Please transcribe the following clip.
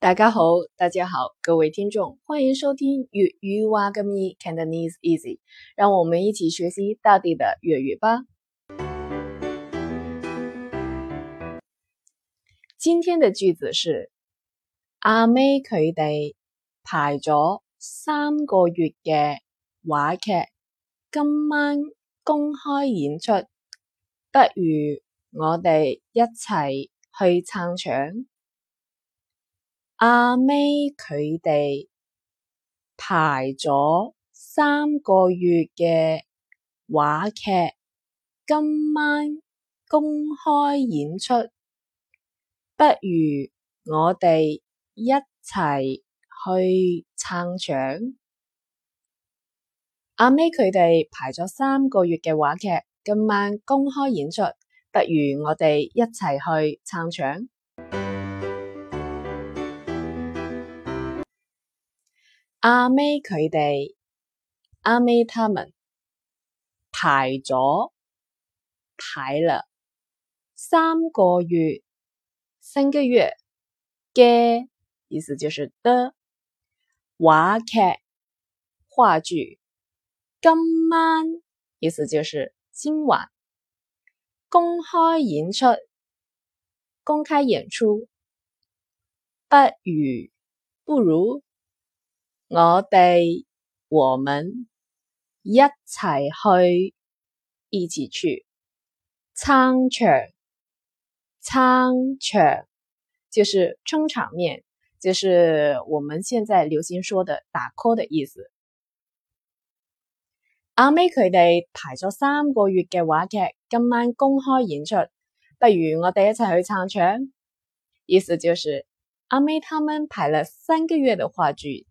大家好，大家好，各位聽眾，歡迎收聽粵語話咁易，kind of easy，讓我們一起學習大地的粵語吧。今天的句子是：阿 May 佢哋排咗三個月嘅話劇，今晚公開演出，不如我哋一齊去撐場？阿 May 佢哋排咗三個月嘅話劇，今晚公開演出，不如我哋一齊去撐場？阿 May 佢哋排咗三個月嘅話劇，今晚公開演出，不如我哋一齊去撐場？阿 May 佢哋，阿 May 他們排咗排啦三個月，三個月嘅意思就是的話劇，話劇今晚意思就是今晚公開演出，公開演出不，不如，不如。我哋我們一齊去，一起去撐場，撐場就是撐場面，就是我們現在流行說的打 call 的意思。阿 May 佢哋排咗三個月嘅話劇，今晚公開演出，不如我哋一齊去撐場。意思就是阿 May 他們排了三個月嘅話劇。